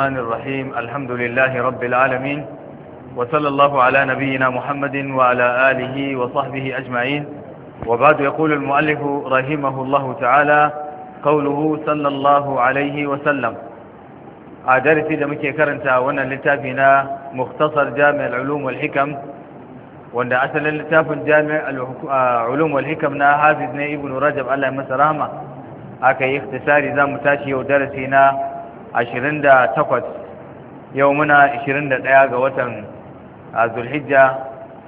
الرحمن الرحيم الحمد لله رب العالمين وصلى الله على نبينا محمد وعلى آله وصحبه أجمعين وبعد يقول المؤلف رحمه الله تعالى قوله صلى الله عليه وسلم عدرتي آه، دمكي كرنتا وانا لتابنا مختصر جامع العلوم والحكم وانا أسل لتاب جامع العلوم آه، والحكم نا هذا ابن رجب الله مسرامة اكي آه، اختصاري ذا متاشي ودرسي takwas yau muna ɗaya ga watan zulhijja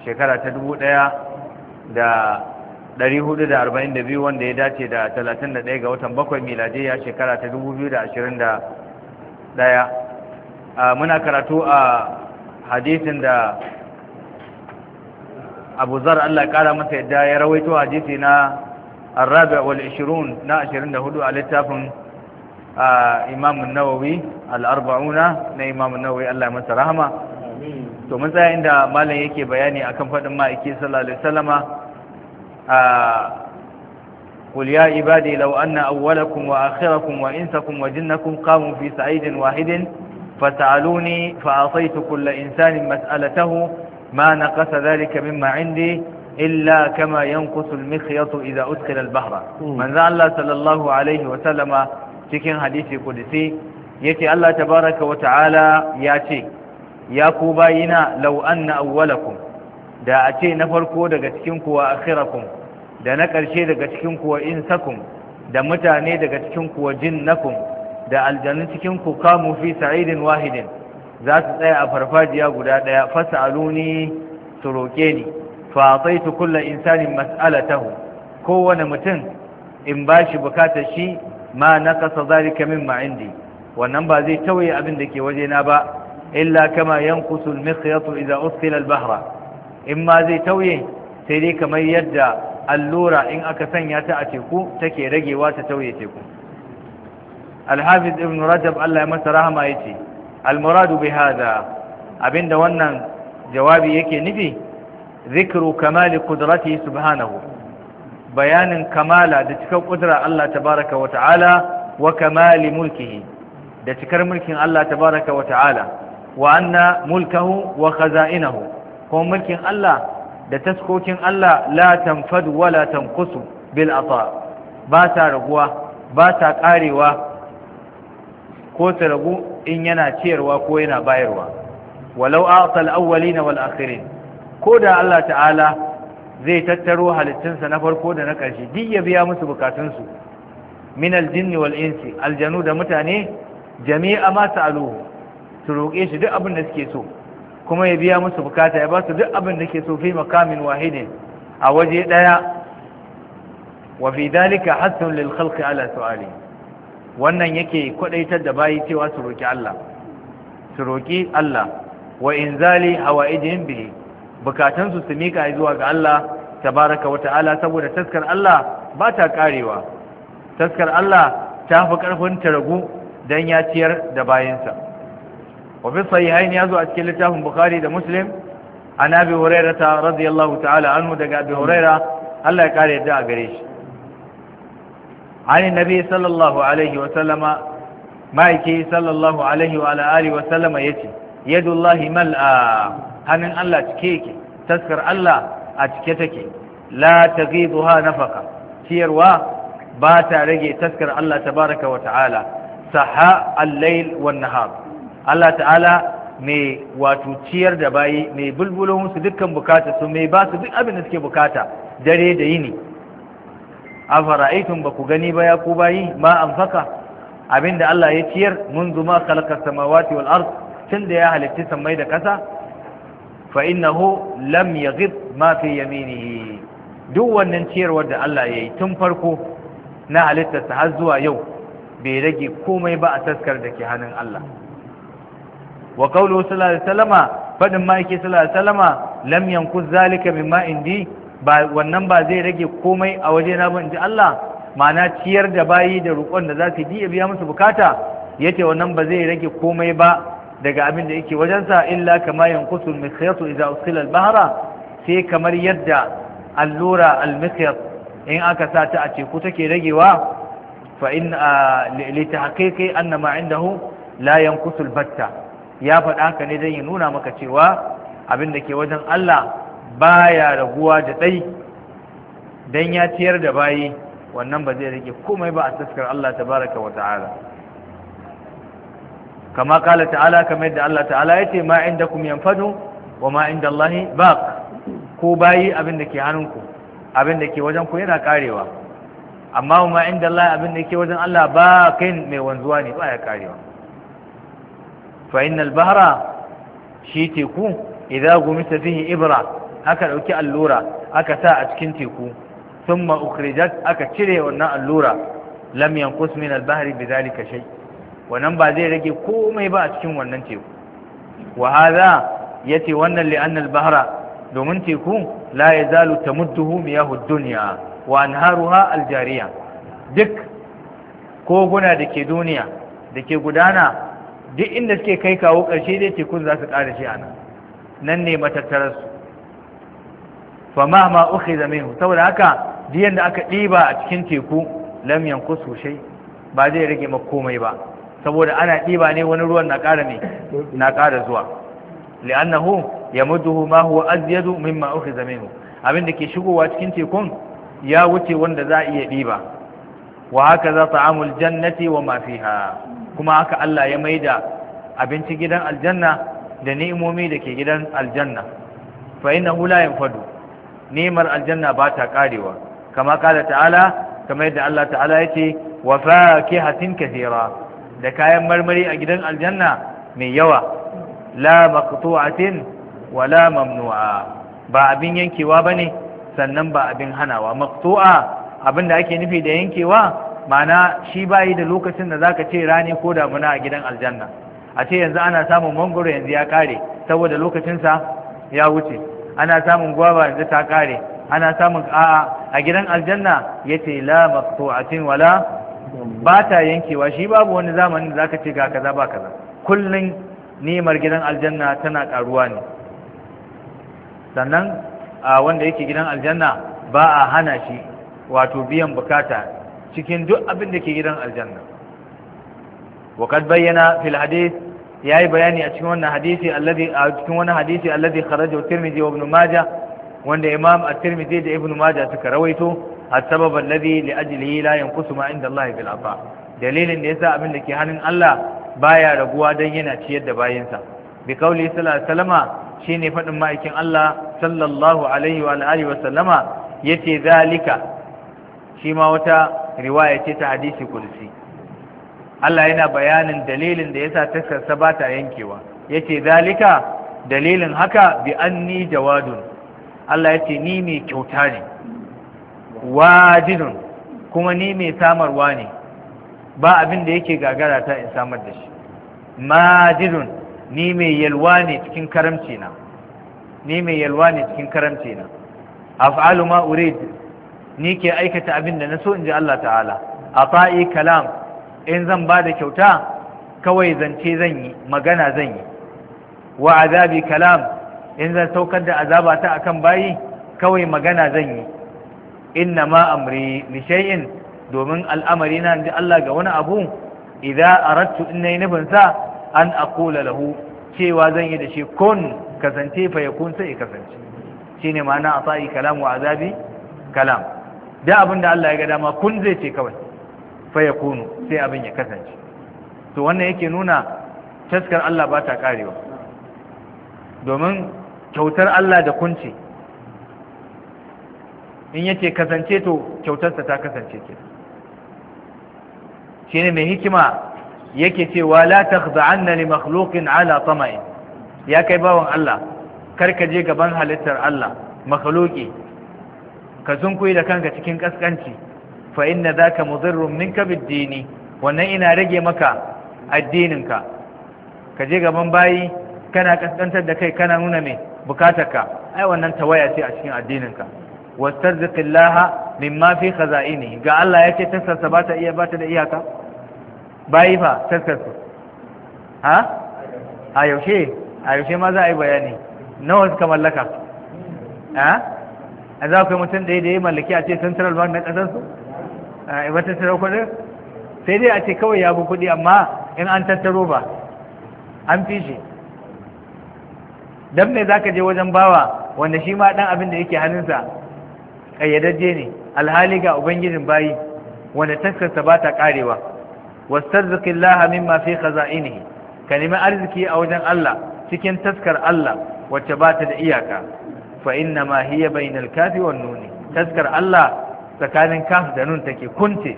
shekara ta da biyu wanda ya dace da ɗaya ga watan bakwai miladiyya shekara ta ɗaya. muna karatu a hadisin da abu zar Allah ƙara masa yadda ya rawaito hadisi na الرابع والعشرون نا عشرين هدو على التافن imam nawawi al'arba'una na imam nawawi Allah masa rahama to mun tsaya inda malam yake bayani akan faɗin ma'aiki sallallahu alaihi wasallam a qul ya ibadi law anna awwalakum wa akhirakum wa insakum wa jinnakum qamu fi sa'idin wahidin fata'aluni fa ataitu kulli insanin mas'alatahu ma naqasa dhalika mimma 'indi illa kama yanqusu al-mikhyat idha udkhila al-bahra hmm. man za'alla sallallahu wa sallama cikin hadisi kudisi yake Allah tabaraka wa ta'ala ya ce ya ku bayina law anna awwalakum da a ce na farko daga cikin ku wa akhirakum da na ƙarshe daga cikin ku wa insakum da mutane daga cikin ku wa jinnakum da aljanun cikin ku kamu fi sa'idin wahidin za su tsaya a farfajiya guda daya fasaluni su roke ni fa ataitu kulla insanin mas'alatahu kowane mutum in ba shi bukatar shi ma na kasa zalika min indi wannan ba zai tawaye abin da ke wajena ba illa kama yanqusu al-mikhyatu idha usila al-bahra imma zai tawaye sai dai kamar yadda allura in aka sanya ta a teku take ragewa ta tawaye teku al-hafiz ibn rajab Allah ya masa rahama yace Almuradu muradu bi hada abinda wannan jawabi yake nufi ذكر كمال قدرته سبحانه bayanin kamala da cikar kudura Allah tabaraka wa ta'ala wa kamali mulkihi da cikar mulkin Allah tabaraka wa ta'ala wa anna mulkahu wa khaza'inahu kuma mulkin Allah da taskokin Allah la tanfadu wa la tanqusu bil ata ba ta raguwa ba ta karewa ko ta ragu in yana ciyarwa ko yana bayarwa walau a'tal awwalina wal akhirin ko da Allah ta'ala zai tattaro halittunsa na farko da na ƙarshe duk ya biya musu bukatunsu min aljinni wal insi aljanu da mutane jami'a ma sa'aluhu su roƙe shi duk abin da suke so kuma ya biya musu bukata ya ba su duk abin da ke so fi makamin wahidin a waje ɗaya wa fi dalika hassun lil khalqi ala su'ali wannan yake kwadaitar da bayi cewa su roki Allah su roki Allah wa inzali hawaijin bihi bukatansu su mika zuwa ga Allah tabaraka wa ta'ala saboda taskar Allah ba ta karewa taskar Allah ta fi karfin ta don ya ciyar da bayansa wa fi sahihain ya zo a cikin littafin Bukhari da Muslim an Abi Hurairah ta radiyallahu ta'ala anhu daga Abi Hurairah Allah ya kare yadda a gare shi an nabi sallallahu alaihi wa sallama ma'aiki sallallahu alaihi wa alihi wa sallama yace yadullahi mal'a hannun Allah cike yake taskar Allah a cike take la taghiduha nafaka ciyarwa ba ta rage taskar Allah tabaraka wa ta'ala saha al-lail wan nahar Allah ta'ala mai wato ciyar da bayi mai bulbulo musu dukkan bukata su mai ba su duk abin da suke bukata dare da yini a fara'aitun ba ku gani ba ya ku bayi ma amfaka abin da Allah ya ciyar mun zuma kalakar samawati wal ard tun da ya halitti samai da kasa fa innahu lam yaghib ma fi yaminihi duk wannan ciyarwar da Allah ya yi tun farko na halittarsa har zuwa yau bai rage komai ba a taskar da ke hannun Allah wa qawlu sallallahu alaihi wasallama fadin ma yake sallallahu alaihi wasallama lam yankuz zalika mimma indi ba wannan ba zai rage komai a waje na ban ji Allah ma'ana ciyar da bayi da roƙon da za su yi biya musu bukata yace wannan ba zai rage komai ba daga abin da yake wajensa illa kama yanqutu al-mikhyatu idza usila al-bahra sai kamar yadda allura al-mikhyat in aka sa ta a teku take ragewa fa in li tahqiqi anna ma indahu la yanqutu al-batta ya faɗa haka ne dan ya nuna maka cewa abin da ke wajen Allah baya raguwa da dai dan ya ciyar da bayi wannan ba zai rage komai ba a taskar Allah tabaraka wa ta'ala kama kala ta'ala kamar yadda Allah ta'ala yace ma indakum yanfadu wa ma indallahi baq ko bayi abin da ke hannunku abin da ke wajen ku yana karewa amma ma indallahi abin da ke wajen Allah ba kai mai wanzuwa ne ba ya karewa fa innal bahra shi teku idza gumisa fihi ibra aka dauki allura aka sa a cikin teku thumma ukhrijat aka cire wannan allura lam yanqus min al-bahri bidhalika shay' wannan ba zai rage komai ba a cikin wannan teku wa hadha yace wannan li anna bahra domin teku la yazalu tamudduhu miyahu dunya wa anharuha aljariya duk koguna da ke duniya da ke gudana duk inda suke kai kawo ƙarshe dai teku za su ƙara shi a nan nan ne matattararsu fa ma ma uke zame saboda haka diyan da aka ɗiba a cikin teku lam yanku sosai ba zai rage makomai ba saboda ana ɗiba ne wani ruwan na ƙara ne na ƙara zuwa li'annahu yamudduhu ma huwa azyadu mimma ukhiza minhu abin da ke shigowa cikin tekun ya wuce wanda za a iya ɗiba wa haka za ta'amul jannati wa ma fiha kuma haka Allah ya maida abinci gidan aljanna da ni'imomi da ke gidan aljanna fa innahu la yanfadu ni'mar aljanna ba ta karewa kama kala ta'ala kamar yadda Allah ta'ala yace wa fakihatin kathira da kayan marmari a gidan aljanna mai yawa la maqtu'atin wala mamnu'a ba abin yankewa bane sannan ba abin hanawa maqtu'a da ake nufi da yankewa mana shi bayi da lokacin da zaka ce rani ko damuna a gidan aljanna a ce yanzu ana samun mangoro yanzu ya kare saboda lokacinsa ya wuce ana samun gwaba yanzu ta kare ana samun a'a a gidan aljanna yace la maqtu'atin wala ba ta yankewa shi babu wani zamanin da zaka ce ga kaza ba kaza kullun nemar gidan aljanna tana karuwa ne sannan a wanda yake gidan aljanna ba a hana shi wato biyan bukata cikin duk abin da ke gidan aljanna وقد bayyana في ya yayi bayani a cikin wannan hadisi alladhi a cikin wannan hadisi alladhi kharajahu Tirmidhi wa Ibn Majah wanda imam at-tirmidhi da ibnu majah suka rawaito as-sabab alladhi li ajlihi la yanqusu ma inda Allah bil afa dalilin da yasa abin da ke hannun Allah baya raguwa dan yana ciyar da bayinsa bi kauli sallallahu alaihi wasallama shine fadin ma'aikin Allah sallallahu alaihi wa alihi wa yace zalika shi ma wata riwaya ce ta hadisi kursi Allah yana bayanin dalilin da yasa tasarsa ba ta yankewa yace zalika dalilin haka bi anni jawadun Allah ya ce ni mai kyauta ne wajidun kuma ni mai samarwa ne ba abin da yake gagara ta in samar da shi majidun ni mai yalwa ne cikin karamci na ni mai yalwa ne cikin karamci na af'alu ma urid ni ke aikata abin da na so in ji Allah ta'ala fa'i kalam in zan ba da kyauta kawai zance zan yi magana zan yi wa kalam in zan saukar da azaba ta akan bayi kawai magana zan yi inna ma amri nishayin shay'in domin al'amari na da Allah ga wani abu idza aradtu in nayi nufin sa an aqula lahu cewa zan yi da shi kun kasance fa yakun sai kasance shine ma'ana asai kalam wa azabi kalam da abin da Allah ya ga dama kun zai ce kawai fa yakun sai abin ya kasance to wannan yake nuna taskar Allah ba ta karewa domin kyautar Allah da kunce in yace kasance to kyautarsa ta kasance ke ne mai hikima yake cewa la takhda'anna li makhluqin ala tama'in ya kai bawan Allah karka je gaban halittar Allah makhluqi ka sunkuyi da kanka cikin kaskanci fa inna zaka mudirrun minka bid-dini wannan ina rage maka addininka ka je gaban bayi kana kaskantar da kai kana nuna mai bukatarka ai wannan tawaya ce a cikin addininka wastarziqillah mimma fi khaza'ini ga Allah yake tasarsa ba ta iya ba ta da iyaka bai fa tasarsa ha a yaushe a yaushe ma za a yi bayani nawa suka mallaka ha a za ku yi mutum da ya mallaki a ce central bank na su a wata tattaro kuɗi sai dai a ce kawai ya bi kuɗi amma in an tattaro ba an fi shi dan me zaka je wajen bawa wanda shi ma dan abin da yake hannunsa kayyadajje ne alhali ga ubangijin bayi wanda taskarsa ba ta karewa wastarzqillaha mimma fi khaza'inihi kalimar arziki a wajen Allah cikin taskar Allah wacce ba ta da iyaka fa inna ma hiya bainal kafi wan nuni taskar Allah tsakanin kaf da nun take kunce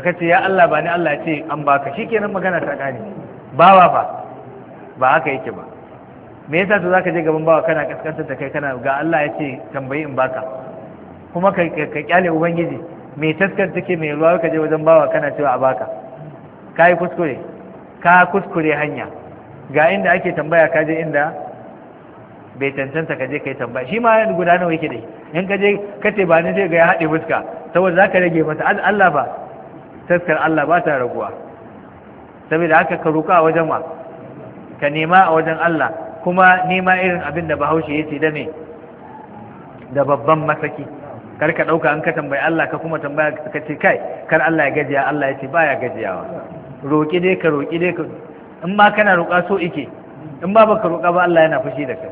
aka ce ya Allah ba ni Allah ya ce an baka shikenan magana ta gane bawa ba ba haka yake ba me yasa to zaka je gaban bawa kana kaskantar da kai kana ga Allah ya ce tambayi in baka kuma ka kyale ubangiji me taskar take me ruwa ka je wajen bawa kana cewa a baka ka yi kuskure ka kuskure hanya ga inda ake tambaya ka je inda bai tantanta ka je kai tambaya shi ma guda nawa yake dai in ka je ka ce ba ni sai ga ya haɗe fuska saboda za ka rage masa Allah ba taskar Allah ba ta raguwa saboda haka ka roka a wajen ma ka nema a wajen Allah kuma nema irin abin da bahaushe ya ce da me da babban masaki kar ka ɗauka an ka tambayi Allah ka kuma tambaya ka ce kai kar Allah ya gajiya Allah ya ce baya gajiyawa roƙi dai ka roƙi dai ka in ma kana roƙa so ike in ba baka roƙa ba Allah yana fushi da kai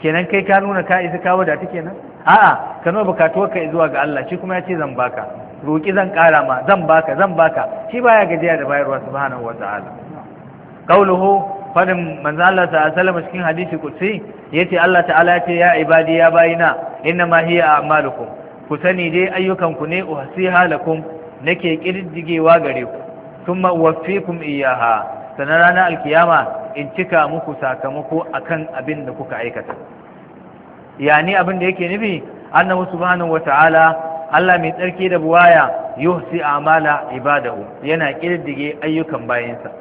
kenan kai ka nuna ka isa kawo da take nan a'a ka nuna bukatuwar ka zuwa ga Allah shi kuma ya ce zan baka roƙi zan ƙara ma zan baka zan baka shi baya gajiya da bayarwa subhanahu ta'ala qauluhu fadin manzo Allah ta sallama cikin hadisi kutsi ce Allah ta'ala ce ya ibadi ya bayina inna ma hiya a'malukum ku sani dai ayyukan ku ne uhsiha lakum nake kirdigewa gare ku thumma uwaffikum iyyaha sanan ranar alkiyama in cika muku sakamako akan abin da kuka aikata yani abin da yake nufi annahu subhanahu wata'ala Allah mai tsarki da buwaya yuhsi amala ibadahu yana kirdige ayyukan bayansa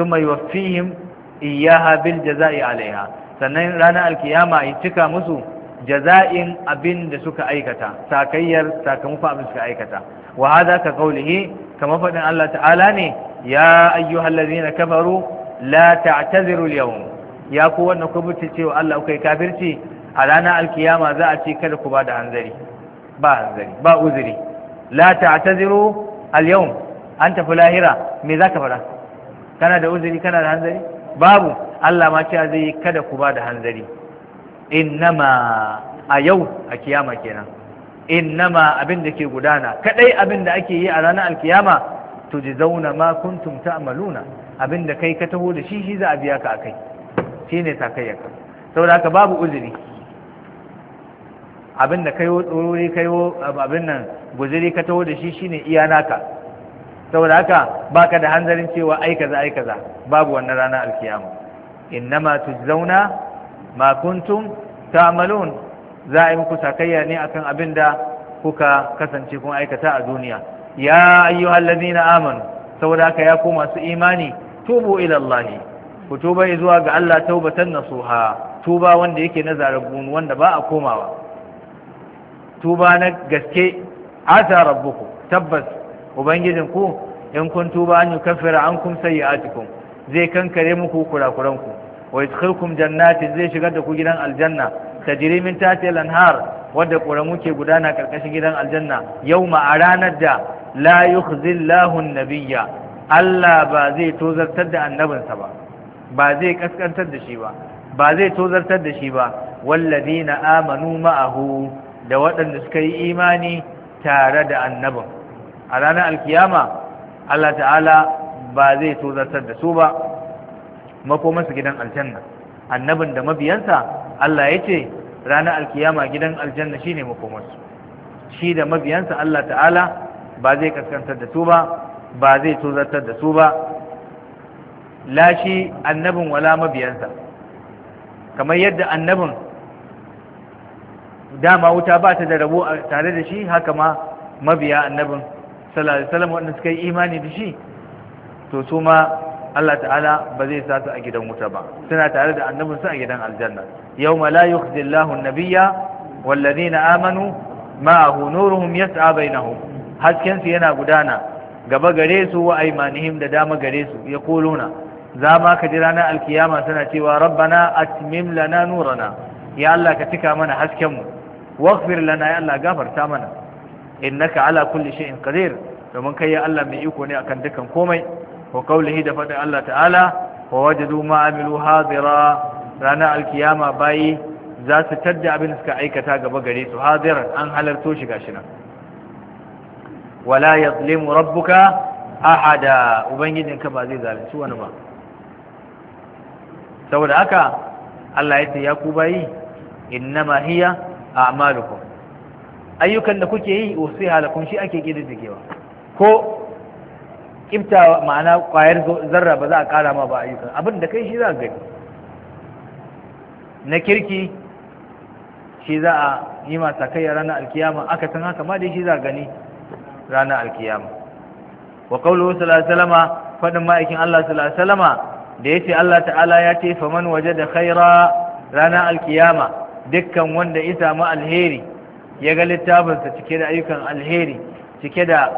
thumma him. iyaha bil jaza'i alaiha sannan ranar alkiyama ya cika musu jaza'in abin da suka aikata sakayyar sakamakon abin suka aikata wa hada ka kaulihi kamar faɗin Allah ta'ala ne ya ayyuhal zina kafaru la ta'taziru al-yawm ya ku wannan ku bice cewa Allah kai kafirci a ranar alkiyama za a ce kada ku ba da hanzari ba hanzari ba uzuri la ta'taziru al-yawm an tafi lahira me za ka fara kana da uzuri kana da hanzari babu Allah ma cewa zai kada ku ba da hanzari innama a yau a kiyama kenan innama abin da ke gudana kadai abin da ake yi a ranar alkiyama to ji zauna ma kuntum ta'maluna abin da kai ka taho da shi shi za a biya ka akai shine sakayyarka saboda haka babu uzuri abin da kayo tsorori kayo abin nan guzuri ka taho da shi shine iya naka saboda haka baka da hanzarin cewa aikaza kaza babu wannan rana alkiyama innama tujzauna ma kuntum ta'malun za a yi muku sakayya ne akan abin da kuka kasance kun aikata a duniya ya ayyuhal ladina amanu saboda haka ya koma su imani tubu ila Allah ku tuba zuwa ga Allah taubatan nasuha tuba wanda yake na zaragun wanda ba a komawa tuba na gaske asa rabbuku tabbas ubangijin ku in kun tuba an yukaffira ankum sayyi'atikum zai kankare muku kurakuranku ku wa yadkhulukum jannatin zai shigar da ku gidan aljanna tajri min tahtiha al-anhar wadda ƙoramu ke gudana karkashin gidan aljanna ma a ranar da la yukhzillahu an-nabiyya Allah ba zai tozartar da annabinsa ba ba zai kaskantar da shi ba ba zai tozartar da shi ba wallazina amanu ma'ahu da waɗanda suka yi imani tare da annabin a ranar alkiyama Allah ta'ala ba zai tozartar da su ba su gidan aljanna annabin da mabiyansa Allah ya ce ranar alkiyama gidan aljanna shine makomansu shi da mabiyansa Allah ta'ala ba zai kaskantar da su ba ba zai tozartar da su ba lashi annabin wala mabiyansa kamar yadda annabin dama wuta ba ta da rabo tare da shi haka ma mabiya annabin sallallahu alaihi wanda suka yi imani da shi to su ma Allah ta'ala ba zai sa su a gidan wuta ba suna tare da annabin su a gidan aljanna yau la yukhzi Allahu an-nabiyya wallazina amanu ma'ahu nuruhum yas'a bainahum hasken su yana gudana gaba gare su wa aymanihim da dama gare su ya kuluna za ma ka ji ranar alkiyama suna cewa rabbana atmim lana nurana ya Allah ka cika mana hasken mu waghfir lana ya Allah gafarta mana innaka ala kulli shay'in qadir domin kai ya Allah mai iko ne akan dukan komai wa qawlihi da fadin Allah ta'ala wa wajadu ma amilu hadira rana alkiyama bayi za su tadda abin suka aikata gaba gare su hadiran an halarto shi gashi nan wala yazlimu rabbuka ahada ka ba zai zalunci wani ba saboda haka Allah ya ce ya ku bayi innama hiya a'malukum ayyukan da kuke yi wasu oh, halakun shi ake kididdigewa ko kibta ma'ana kwayar zarra ba za a kara ma ba ayyukan abin da kai shi za a gani na kirki shi za a yi masa kai a ranar alkiyama aka san haka ma dai shi za a gani ranar alkiyama wa qawluhu sallallahu alaihi wasallama faɗin ma'aikin Allah sallallahu alaihi wasallama da ce Allah ta'ala ya ce faman da khaira ranar alkiyama dukkan wanda ya samu alheri ya ga littafinsa cike da ayyukan alheri cike da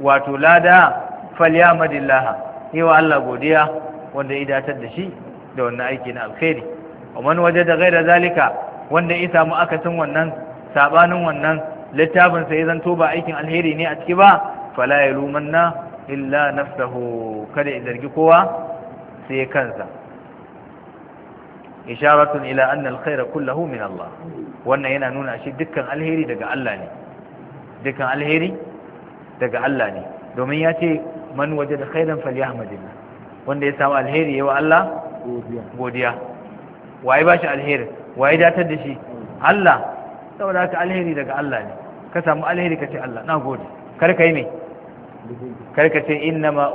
wato lada falyamadillaha wa Allah godiya wanda ya datar da shi da wannan aiki na alheri man waje da gaira zalika wanda ya samu akasin wannan sabanin wannan littafinsa ya zanto ba aikin alheri ne a ciki ba fala illa nafsahu kada ya zargi kowa sai kansa isharatun ila anna alkhaira kullahu min Allah wannan yana nuna shi dukkan alheri daga Allah ne dukkan alheri daga Allah ne domin ya ce man waje wajada khairan falyahmadillah wanda ya samu alheri yawa Allah godiya waye ba shi alheri waye datar da shi Allah saboda haka alheri daga Allah ne ka samu alheri ka ce Allah na gode kar ka yi me karka ce inna ma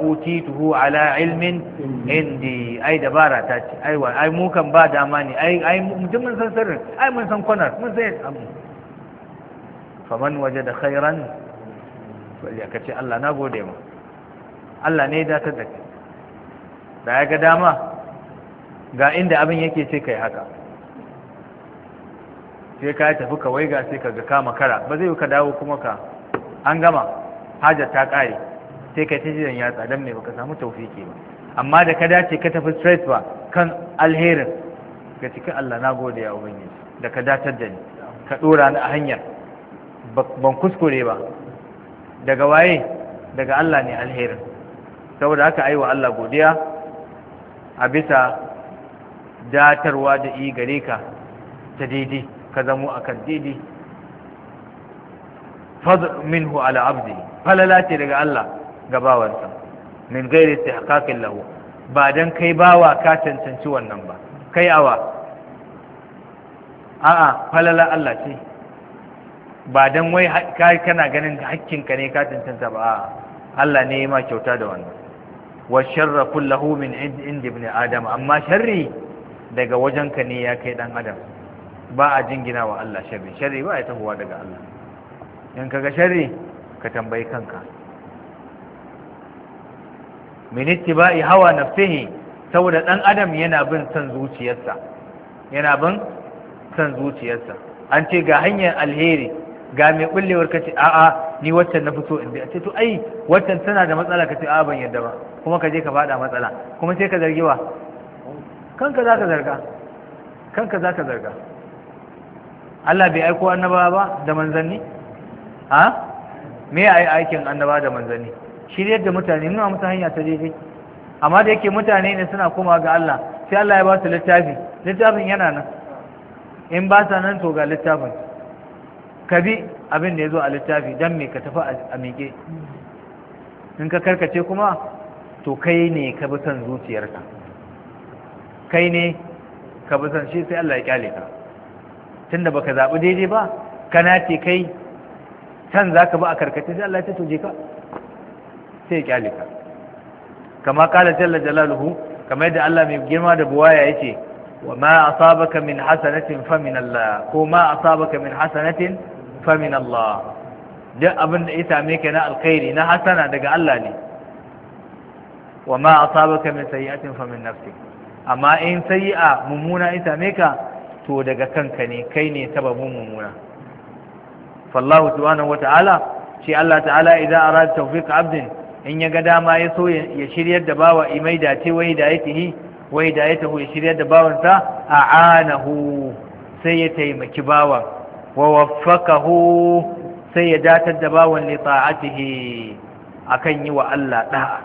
tuhu ala ilmin indi ai dabara ta ce ai wa ai mu kan ba dama ne ai ai mutum mun san sirrin ai mun san kwanar mun san abu faman wajada khairan wali ka ce Allah na gode ma Allah ne da ta dace da ya ga dama ga inda abin yake sai kai haka sai ka tafi ka ga sai ka ga kama kara ba zai ka dawo kuma ka an gama hajar ta kare sai ka ta jiran yatsa dan mai baka samu taufiki ba amma da ka dace ka tafi straight ba kan alherin ga cikin Allah na gode ya ubangiji da ka dace da ni ka dora ni a hanyar ban kuskure ba daga waye daga Allah ne alherin saboda haka aiwa Allah godiya a bisa datarwa da yi gare ka ta daidai ka zamo a kan daidai fadl minhu ala abdi falala ce daga Allah ga bawansa min gairi kafin lahu ba don kai bawa ka cancanci wannan ba kai awa a'a falala Allah ce ba don wai kai kana ganin hakkinka ne ka cancanta ba a'a Allah ne ma kyauta da wannan wa sharra kullahu min ind ibn adam amma sharri daga wajenka ne ya kai dan adam ba a jingina wa Allah sharri sharri ba ya tahowa daga Allah in kaga sharri ka tambayi kanka min ittiba'i hawa nafsihi saboda dan adam yana bin san zuciyarsa yana bin san zuciyarsa an ce ga hanyar alheri ga mai bullewar kace a'a ni waccan na fito in bi ce to ai waccan tana da matsala kace a'a ban yadda ba kuma ka je ka fada matsala kuma sai ka zargi wa kanka zaka zarga kanka zaka zarga Allah bai aiko annabawa ba da manzanni ha me ai aikin annabawa da manzanni shiryar da mutane nuna musu hanya ta daidai amma da yake mutane ne suna koma ga Allah sai Allah ya ba su littafi littafin yana nan in ba sa nan to ga littafin ka bi abin da ya zo a littafi don me ka tafi a miƙe in ka karkace kuma to kai ne ka bi son zuciyarka kai ne ka bi son shi sai Allah ya kyale ka tunda baka zaɓi daidai ba kana ce kai can za ka bi a karkace sai Allah ya ce to je ka sai ya kyale ka kama kala jalla jalaluhu kama yadda Allah mai girma da buwaya yake wa ma asabaka min hasanatin fa min Allah ko ma asabaka min hasanatin fa min Allah duk abin da ya same ka na alkhairi na hasana daga Allah ne wa ma asabaka min sayyi'atin fa min nafsik amma in sayyi'a mummuna ya same ka to daga kanka ne kai ne sababin mummuna fallahu subhanahu wata'ala shi Allah ta'ala idan arada tawfiq abdin in ya ga dama ya so ya shiryar da bawa imai da ce wai da yake wai da ya ya shiryar da bawansa a anahu sai ya taimaki bawan wa hu sai ya datar da bawan li ta'atihi akan yi wa Allah da'a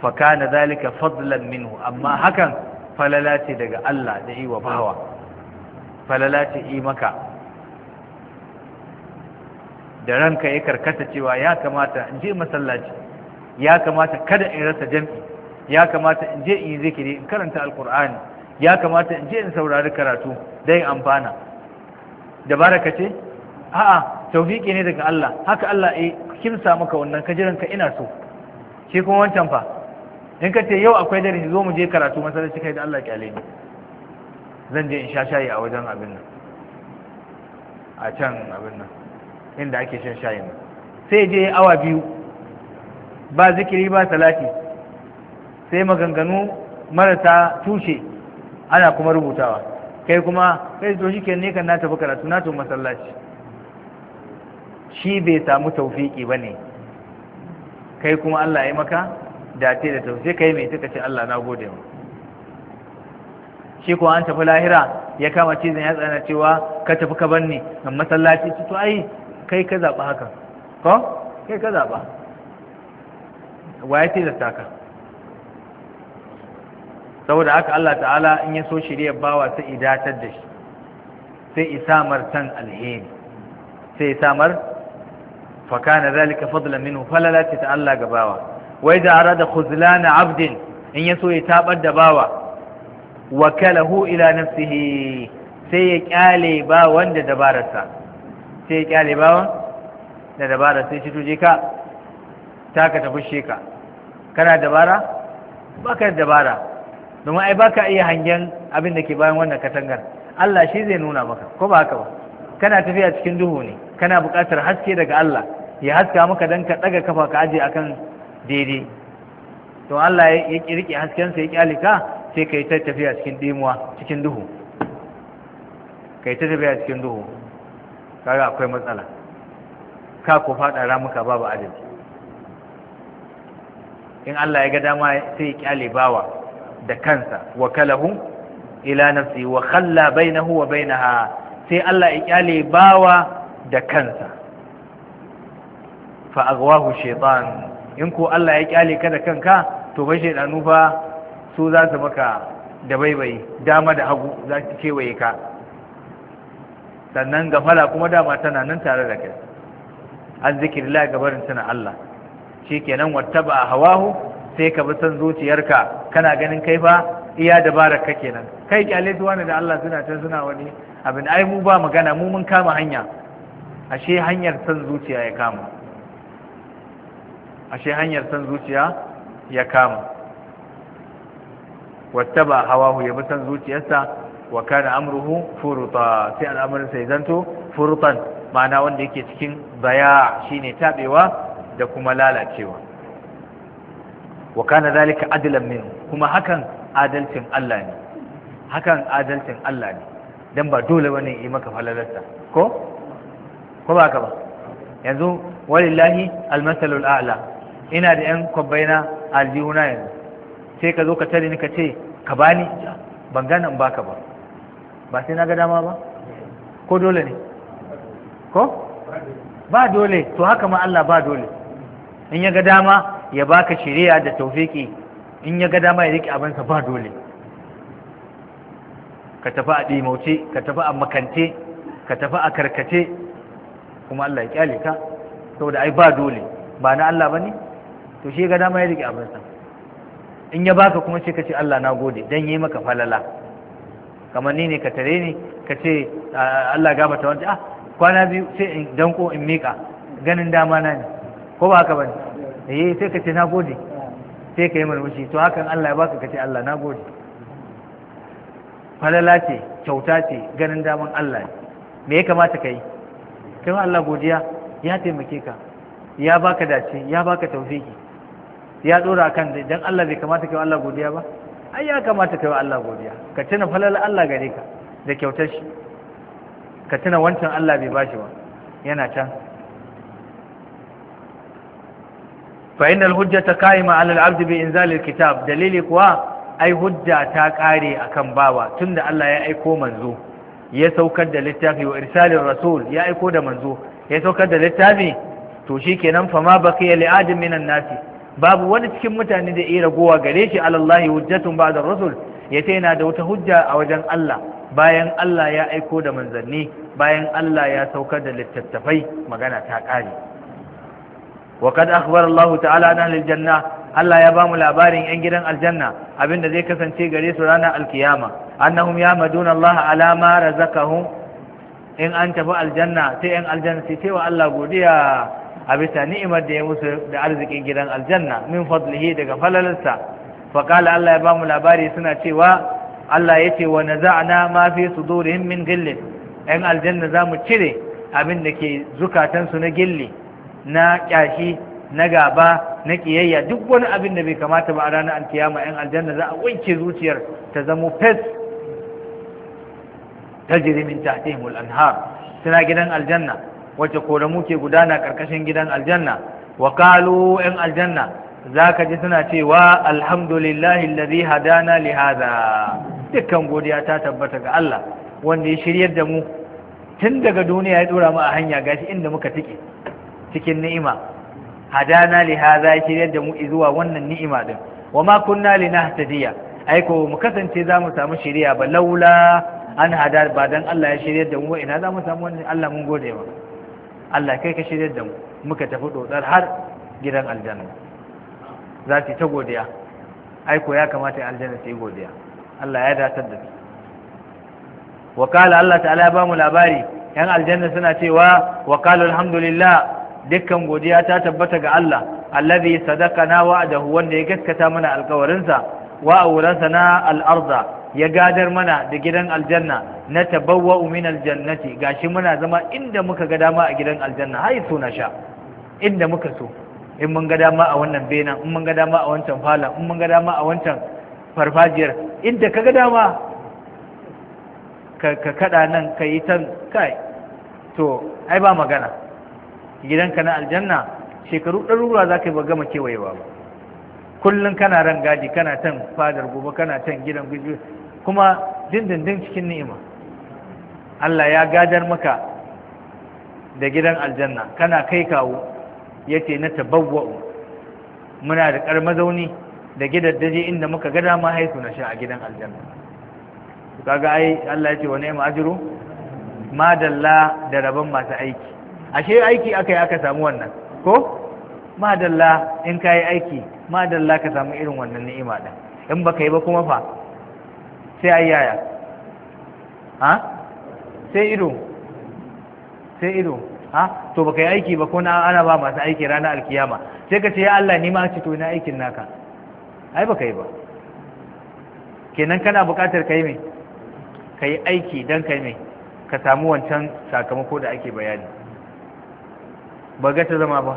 fa kana zalika fadlan minhu amma hakan falala ce daga Allah da yi wa bawa falala ce yi maka da ranka ya karkata cewa ya kamata in je masallaci ya kamata kada in rasa jam'i ya kamata in je in yi zikiri in karanta alkur'ani ya kamata in je in saurari karatu dai amfana da ka ce a'a tawfiki ne daga Allah haka Allah eh kimsa maka wannan ka ka ina so shi kuma wancan fa in ka ce yau akwai dare zo mu je karatu masallaci kai da Allah kyale ni zan je in sha shayi a wajen abin nan a can abin nan inda ake shan shayin sai je awa biyu ba zikiri ba salati sai maganganu marasa tushe ana kuma rubutawa kai kuma kai to shi ne kan na tafi karatu na tafi masallaci shi bai samu taufiki ne kai kuma Allah ya maka dace da sai kai mai suka ce Allah na gode mu shi kuwa an tafi lahira ya kama cizon ya tsana cewa ka tafi ka banni a masallaci to ai kai ka zaɓa haka ko kai ka zaɓa waye tilasta ka saboda haka Allah ta'ala in ya so shirya bawa sai idatar da shi sai isamar tan alheri sai isamar fa kana zalika fadlan minhu falala ta Allah ga bawa wai da arada khuzlana abdin in ya so ya tabar da bawa wakalahu ila nafsihi sai ya kyale ba wanda dabararsa sai ya kyale ba da dabararsa, sai shi tuje ka taka tafi shi ka kana dabara ba ka dabara domin ai baka iya hangen abin da ke bayan wannan katangar Allah shi zai nuna maka ko ba haka ba kana tafiya cikin duhu ne kana buƙatar haske daga Allah ya haska maka dan ka ɗaga kafa ka aje akan daidai to Allah ya kirki haskensa ya kyale ka sai kai ta tafiya cikin dimuwa cikin duhu kai ta tafiya cikin duhu kaga akwai matsala ka ku faɗa ramuka babu adalci in Allah ya ga dama sai ya kyale bawa da kansa wa kalahu ila nafsi wa khalla bainahu wa bainaha sai Allah ya kyale bawa da kansa fa aghwahu shaytan in ko Allah ya kyale ka da kanka to ba shaydanu fa su za su maka da baibayi dama da hagu za su kewaye ka sannan gafara kuma dama tana nan tare da kai an zikirla gabarin tana Allah Shi kenan shikenan a hawahu sai ka bi san zuciyarka kana ganin kai fa iya dabarar ka kenan kai kyale duwa da Allah suna ta suna wani abin ai mu ba magana mu mun kama hanya ashe hanyar san zuciya ya kama ashe hanyar san zuciya ya kama wattaba hawahu ya bi san zuciyarsa wa kana amruhu furuta sai al'amarin sai zanto furutan ma'ana wanda yake cikin baya shine tabewa da kuma lalacewa wa kana zalika adlan min kuma hakan adalcin Allah ne hakan adalcin Allah ne dan ba dole bane yi maka falalarsa ko ko ba ka ba yanzu walillahi almasalul a'la ina da yan kwabbaina aljihuna yanzu sai ka zo ka tare ni ka ce ka bani ban gana in baka ba ba sai na ga dama ba ko dole ne ko ba dole to haka ma Allah ba dole in ya ga dama ya baka shiriya da taufiki in ya ga dama ya riƙe abinsa ba dole ka tafi a ɗimauce ka tafi a makance ka tafi a karkace kuma Allah ya kyale ka saboda ai ba dole ba na Allah ba ne to shi ga dama ya riƙe abinsa in ya baka kuma ce ka ce Allah na gode don yi maka falala kamar ni ne ka tare ni ka ce Allah ta wanda ah kwana biyu sai in danko in miƙa ganin dama na ne ko ba haka bane eh sai ka ce na gode sai ka yi murmushi to hakan Allah ya baka ka ce Allah na gode falala ce kyauta ce ganin daman Allah ne me ya kamata ka yi kan Allah godiya ya taimake ka ya baka dace ya baka taufiki ya dora kan dan Allah bai kamata ka yi Allah godiya ba ai ya kamata ka yi Allah godiya ka tuna falala Allah gare ka da kyautar shi ka tuna wancan Allah bai bashi ba yana can fa innal hujjata qaima 'ala al-'abd kitab dalili kuwa ai hujja ta kare akan bawa tunda Allah ya aiko manzo ya saukar da littafi wa irsalir rasul ya aiko da manzo ya saukar da littafi to shikenan fama ma baqiya li adam minan nasi babu wani cikin mutane da iya ragowa gare shi alallahi hujjatun ba'da rasul ya yace yana da wata hujja a wajen Allah bayan Allah ya aiko da manzanni bayan Allah ya saukar da littattafai magana ta kare wa kad akhbara Allah ta'ala an ahli janna Allah ya bamu labarin yan gidan aljanna abin da zai kasance gare su ranar alkiyama annahum yamaduna Allah ala ma in an tafi aljanna sai yan aljanna sai wa Allah godiya a bisa ni'imar da ya musu da arzikin gidan aljanna min fadlihi daga falalarsa fa qala Allah ya bamu labari suna cewa Allah yace wa naza'na ma fi sudurihim min ghillin yan aljanna zamu cire abin da ke zukatansu na gilli na kyashi na gaba na kiyayya duk wani abin da bai kamata ba a ranar alkiyama yan aljanna za a wanke zuciyar ta zamo fes ta jirimin tahtihimul anhar suna gidan aljanna wacce koramu ke gudana karkashin gidan aljanna wa yan aljanna zaka ji suna cewa alhamdulillahi alladhi hadana li hadha dukkan godiya ta tabbata ga Allah wanda ya shiryar da mu tun daga duniya ya dora mu a hanya gashi inda muka tike cikin ni'ima hadana li hadha shiryar da mu zuwa wannan ni'ima din wa ma kunna linahtadiya ai ko mu kasance za mu samu shiriya ba laula an hada ba dan Allah ya shiryar da mu ina za mu samu wannan Allah mun gode wa Allah kai ka shiryar da mu muka tafi dodar har gidan aljanna za ta ta godiya ai ko ya kamata aljanna ta yi godiya Allah ya datar da su Allah Ta'ala ba mu labari yan aljanna suna cewa wa الحمد alhamdulillah. dukkan godiya ta tabbata ga Allah allazi sadaqana wa'adahu wanda ya gaskata mana alkawarinsa wa awrasana na arda ya gadar mana da gidan aljanna na tabawwa'u min aljannati gashi muna zama inda muka ga dama a gidan aljanna hai suna sha inda muka so in mun ga dama a wannan benan in mun ga dama a wancan falan in mun ga dama a wancan farfajiyar inda ka ga dama ka kada nan ka yi ta kai to ai ba magana gidanka na aljanna shekaru ɗarura za ka yi ba gama kewayewa ba kullum kana ran gaji kana can fadar gobe kana can gidan gudu kuma dindindin cikin ni'ima Allah ya gadar maka da gidan aljanna kana kai kawo ce na tabawwa'u muna da ƙar mazauni da daji inda muka gada dama haisu na sha a gidan aljanna kaga ai Allah ya ce wa ajiro ma madalla da rabon masu aiki ashe aiki aka yi aka samu wannan ko madalla in ka yi aiki madalla ka samu irin wannan ni'ima ɗin in ba ka yi ba kuma fa sai a yaya ha sai ido sai ido ha to ba ka yi aiki ba ko na ana ba masu aiki ranar alkiyama sai ka ce ya Allah ni ma ci to na aikin naka ai ba ka yi ba kenan kana buƙatar ka yi mai ka yi aiki don ka yi mai ka samu wancan sakamako da ake bayani ba ga ta zama ba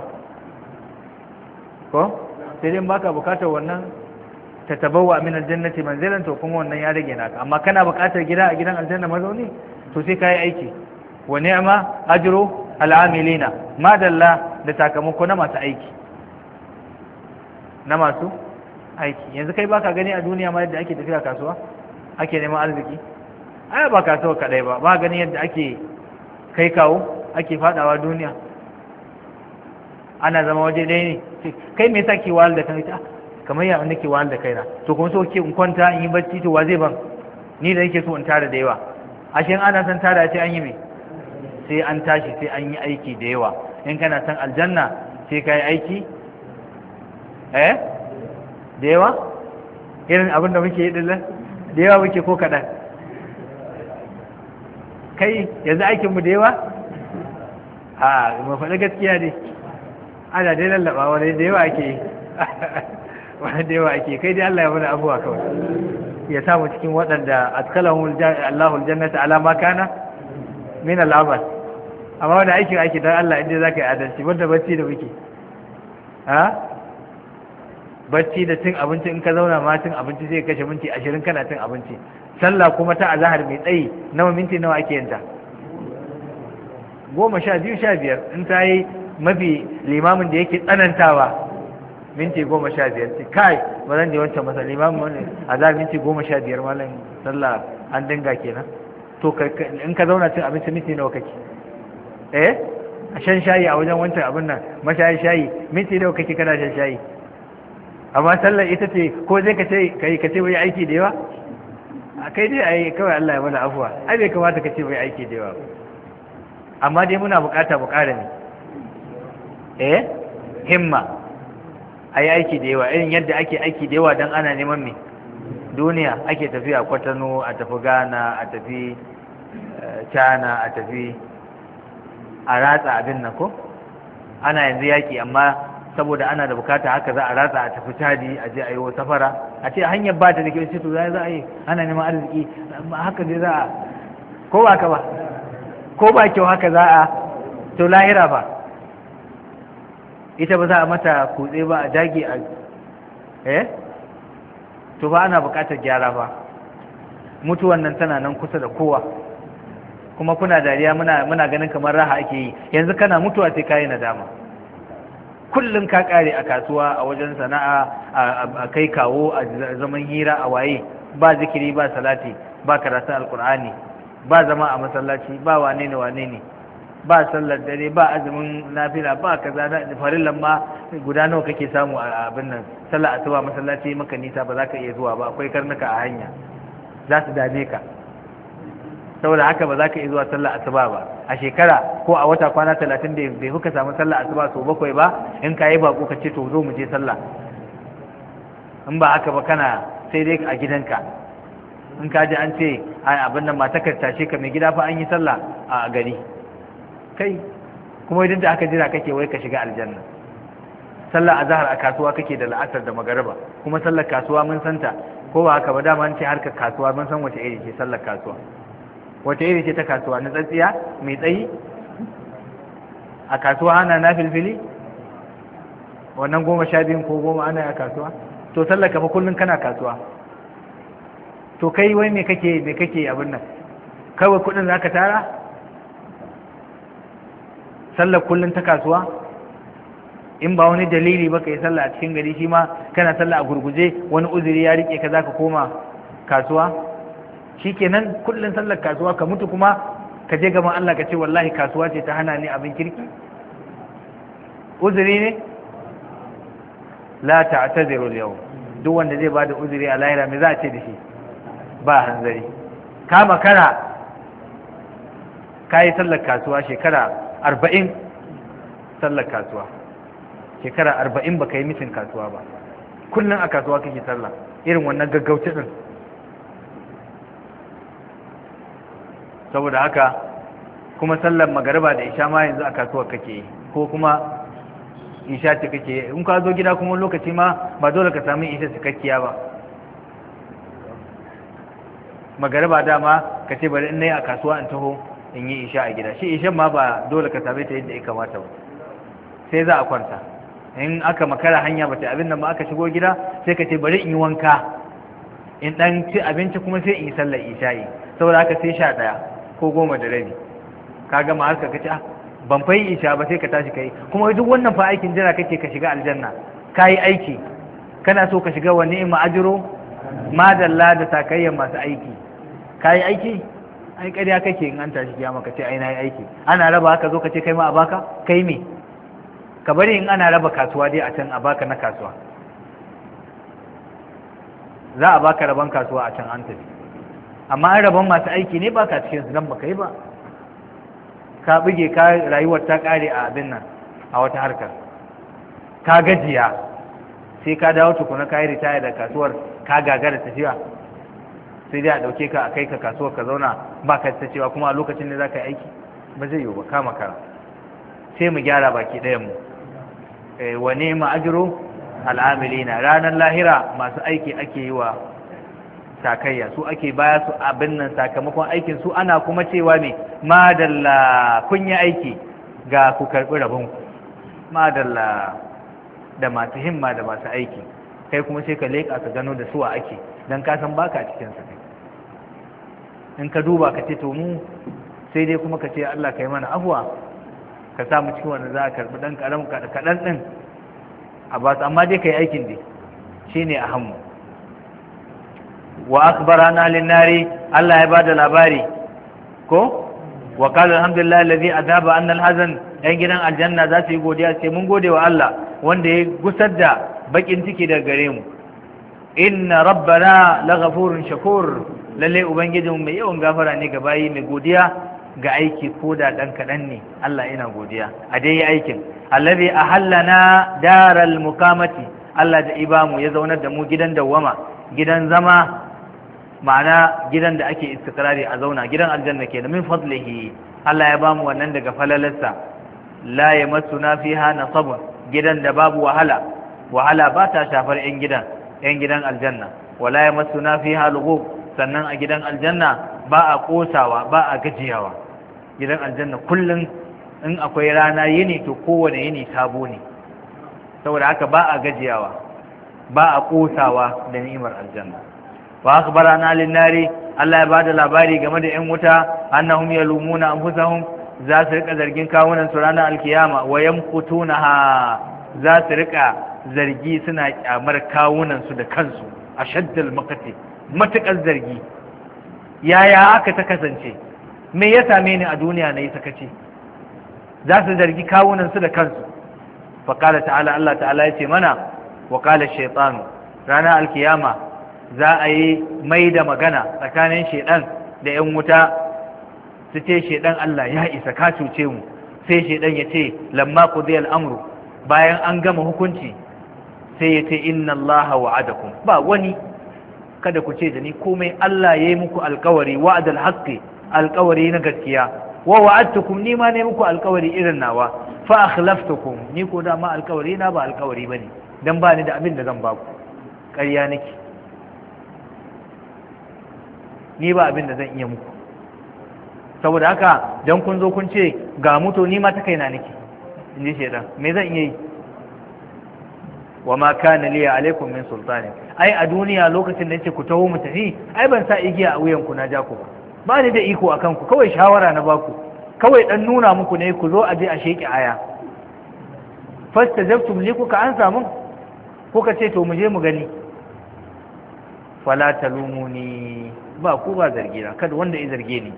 ko sai dai baka bukatar wannan ta tabawa min aljannati manzilan to kuma wannan ya rage naka amma kana bukatar gida a gidan aljanna mazauni to sai kai aiki wa ni'ma ajru al'amilina madalla da takamako na masu aiki na masu aiki yanzu kai baka gani a duniya ma yadda ake tafiya kasuwa ake neman arziki ai ba kasuwa kadai ba ba gani yadda ake kai kawo ake fadawa duniya ana zama waje ɗaya ne kai me yasa ke wahal da kai ta ah, kamar ya nake wahal da kaina to kuma so ke in kwanta in yi bacci to wa zai ban ni da nake so in tara da yawa ashe ana san tara sai an yi me sai an tashi sai an yi aiki da yawa in kana san aljanna sai ka yi aiki eh da yawa irin abin da muke yi dillan da yawa muke ko kaɗan kai yanzu aikinmu da yawa a mafaɗa gaskiya ne ana dai lallaba wani da yawa ake wani da yawa ake kai dai Allah ya mana abuwa kawai ya samu cikin waɗanda atkalahun Allahul jannata alama kana min al'amal amma wani aikin aiki don Allah inda za ka yi adalci wanda bacci da muke ha bacci da cin abinci in ka zauna ma cin abinci zai kashe minti ashirin kana cin abinci sallah kuma ta azahar mai tsayi nawa minti nawa ake yanta goma sha biyu sha biyar in ta yi mafi limamin da yake tsanantawa minti goma sha biyar ce kai ba zan da wancan masa limamin wani a za minti goma sha biyar malam sallah an dinga kenan to in ka zauna cin abinci minti nawa kake eh a shan shayi a wajen wancan abin nan mashayi shayi minti nawa kake kana shan shayi amma sallar ita ce ko zai ka ce kai ka ce wai aiki da yawa a kai dai ai kawai Allah ya mana afuwa ai bai kamata ka ce wai aiki da yawa amma dai muna bukata bukara ne eh himma ai aiki da yawa irin yadda ake aiki da yawa dan ana neman me duniya ake tafiya kwatano a tafi Ghana a tafi eh, China a tafi a ratsa abin na ko ana yanzu yaki amma saboda ana da bukata haka za a ratsa a tafi tadi a je a yi safara a ce hanyar ba ta da kyau to za a yi ana neman arziki Amma haka dai za a ko ba ka ba ko ba kyau haka za a to lahira ba ita ba za a mata kutse ba a dage a eh to ba ana bukatar gyara ba mutuwan nan tana nan kusa da kowa kuma kuna dariya muna ganin kamar raha ake yi yanzu kana mutuwa sai kayi nadama kullum ka kare a kasuwa a wajen sana'a a kai kawo a zaman hira a waye ba zikiri ba salati ba karatun alkur'ani ba zama a masallaci ba wane ne wane ne ba sallar dare ba azumin lafiya ba kaza da farillan ma guda nawa kake samu a abin nan sallar asuba masallaci maka nisa ba za ka iya zuwa ba akwai karnuka a hanya za su dame ka saboda haka ba za ka iya zuwa sallar asuba ba a shekara ko a wata kwana talatin da bai huka samu sallar asuba so bakwai ba in ka yi bako ka ce to zo mu je sallah in ba haka ba kana sai dai a gidanka in ka ji an ce abin nan matakar tashe ka mai gida fa an yi sallah a gari kai kuma idan da aka jira kake wai ka shiga aljanna sallar azhar a kasuwa kake da la'asar da magariba kuma sallar kasuwa mun santa ko ba haka ba dama an ce harkar kasuwa mun san wace iri ce sallar kasuwa wace iri ce ta kasuwa na tsatsiya mai tsayi a kasuwa ana na filfili wannan goma sha biyun ko goma ana a kasuwa to sallar ka fa kullum kana kasuwa to kai wai me kake me kake abin nan kawai kudin zaka tara sallar kullum ta kasuwa in ba wani dalili ba ka yi sallah a cikin gari shi ma kana sallah a gurguje wani uzuri ya rike ka za ka koma kasuwa shi kenan kullum sallar kasuwa ka mutu kuma ka je gaban Allah ka ce wallahi kasuwa ce ta hana ni abin kirki uzuri ne la ta'taziru yau duk wanda zai bada uzuri a lahira me za a ce da shi ba hanzari kama kara kayi sallar kasuwa shekara arba'in sallar kasuwa shekara arba'in ba ka yi mitin kasuwa ba kullum a kasuwa kake sallah irin wannan gaggauci ɗin saboda haka kuma sallar magariba da isha ma yanzu a kasuwa kake yi ko kuma isha ce kake yi in ka zo gida kuma lokaci ma ba dole ka sami isha cikakkiya ba magariba dama ka ce bari in na yi a kasuwa in taho in yi isha a gida shi ishen ma ba dole ka same ta yadda ya kamata ba sai za a kwanta in aka makara hanya ba ta abin nan ba aka shigo gida sai ka ce bari in yi wanka in dan ci abinci kuma sai in yi sallar isha'i saboda haka sai sha ɗaya ko goma da rabi ka gama har ka ci ah, ban fayi isha ba sai ka tashi kai kuma duk wannan fa aikin jira kake ka shiga aljanna ka yi aiki kana so ka shiga wani ma'ajiro madalla da takayyar masu aiki ka yi aiki ai ƙarya kake in an tashi ya maka ce ai na yi aiki ana raba haka zo ka ce kai ma a baka kai me ka bari in ana raba kasuwa dai a can a baka na kasuwa za a baka rabon kasuwa a can an tafi amma an rabon masu aiki ne baka cikin su nan baka yi ba ka buge ka rayuwar ta kare a abin nan a wata harkar ka gajiya sai ka dawo tukuna ka yi ritaya da kasuwar ka gagara tafiya sai dai a ɗauke ka a kai ka kasuwar ka zauna ba ka ta cewa kuma a lokacin da za ka yi aiki ba zai yiwu ba kama kara sai mu gyara baki ɗaya mu eh, Wani ma'ajiro ajiro al'amilina ranar lahira masu aiki ake yi wa sakayya su ake baya su abin nan sakamakon aikin su ana kuma cewa ne madalla kun yi aiki ga ku karɓi rabon ku madalla da masu himma da masu aiki kai kuma sai ka leƙa ka gano da suwa ake don kasan baka cikin sa in ka duba ka ce to mu sai dai kuma ka ce Allah ka yi mana afuwa ka mu cikin wanda za a karɓi ɗan kaɗan ɗin a ba amma dai ka yi aikin dai shi ne a hannu wa akbara na nari Allah ya ba da labari ko wa kala alhamdulillah lazi azaba an hazan ɗan gidan aljanna za su yi godiya sai mun gode wa Allah wanda ya gusar da baƙin ciki daga gare mu inna rabbana laghafurun shakur lalle ubangijin mai yawan gafara ne ga bayi mai godiya ga aiki ko da dan kaɗan ne Allah ina godiya a dai aikin allazi ahallana daral muqamati Allah da ibamu ya zaunar da mu gidan dawama gidan zama ma'ana gidan da ake istikrari a zauna gidan aljanna kenan min fadlihi Allah ya bamu wannan daga falalarsa la yamassuna fiha nasabun gidan da babu wahala wahala ba ta shafar yan gidan yan gidan aljanna wala yamassuna fiha lughub sannan a gidan aljanna ba a kosawa ba a gajiyawa gidan aljanna kullum in akwai rana yini to kowane yini sabo ne saboda haka ba a gajiyawa ba a kosawa da ni'imar aljanna wa akhbarana lin nari Allah ya bada labari game da yan wuta annahum yalumuna anfusahum za su rika zargin kawunan su ranar alkiyama wa ha? za su rika zargi suna kyamar kawunan su da kansu ashaddal maqati matuƙar zargi yaya aka ta kasance me ya same ni a duniya na yi sakaci za su zargi kawunansu da kansu faƙala ta'ala Allah ta'ala ya ce mana waƙala shaitanu ranar alkiyama za a yi mai da magana tsakanin shaidan da 'yan wuta su ce shaidan Allah ya isa ka cuce mu sai shaidan ya ce lamma ku zai al'amuru bayan an gama hukunci sai ya ce inna Allah wa'adakum ba wani kada ku ce da ni komai Allah ya yi muku alkawari wa'adal haqqi alkawari na gaskiya wa wa'adtukum ni ma ne muku alkawari irin nawa fa akhlaftukum ni ko da ma alkawari na ba alkawari bane dan ba ni da abin da zan ba ku ƙarya nake ni ba abin da zan iya muku saboda haka dan kun zo kun ce ga mutu ni ma ta kaina nake in ji shedan me zan iya yi wa ma kana liya alaikum min sultani ai a duniya lokacin da yake ku taho mu tafi ai ban sa igiya a wuyan ku na ja ku ba ba ni da iko akan ku kawai shawara na baku kawai dan nuna muku ne ku zo a je a sheki aya fastajabtum li kuka an samu kuka ce to mu je mu gani fala talumuni ba ku ba na, kada wanda ya zarge ni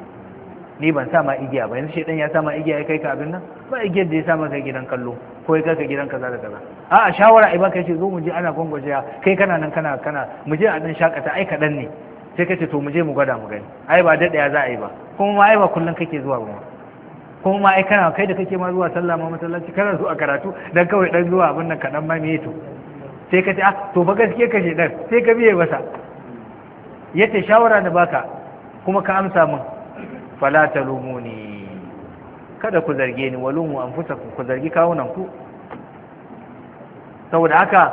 ni ban sa ma igiya ba yanzu shedan ya sa ma igiya ya kai ka abin nan ba igiyar da ya sa maka gidan kallo ko ya kaka gidan kaza da kaza a a shawara ai baka ce zo mu je ana gwangwaje kai kana nan kana kana mu je a dan shakata ai kadan ne sai kace to mu je mu gwada mu gani ai ba daɗaya za a yi ba kuma ma ai ba kullun kake zuwa ba kuma ma ai kana kai da kake ma zuwa sallah ma masallaci kana zuwa karatu dan kawai dan zuwa abin nan kadan ma me to sai kace a, ah, to ba gaskiya kace dan sai ka biye masa yace shawara da baka kuma ka amsa min fala talumuni kada ku zarge ni an fusa ku zargi kawunan ku saboda haka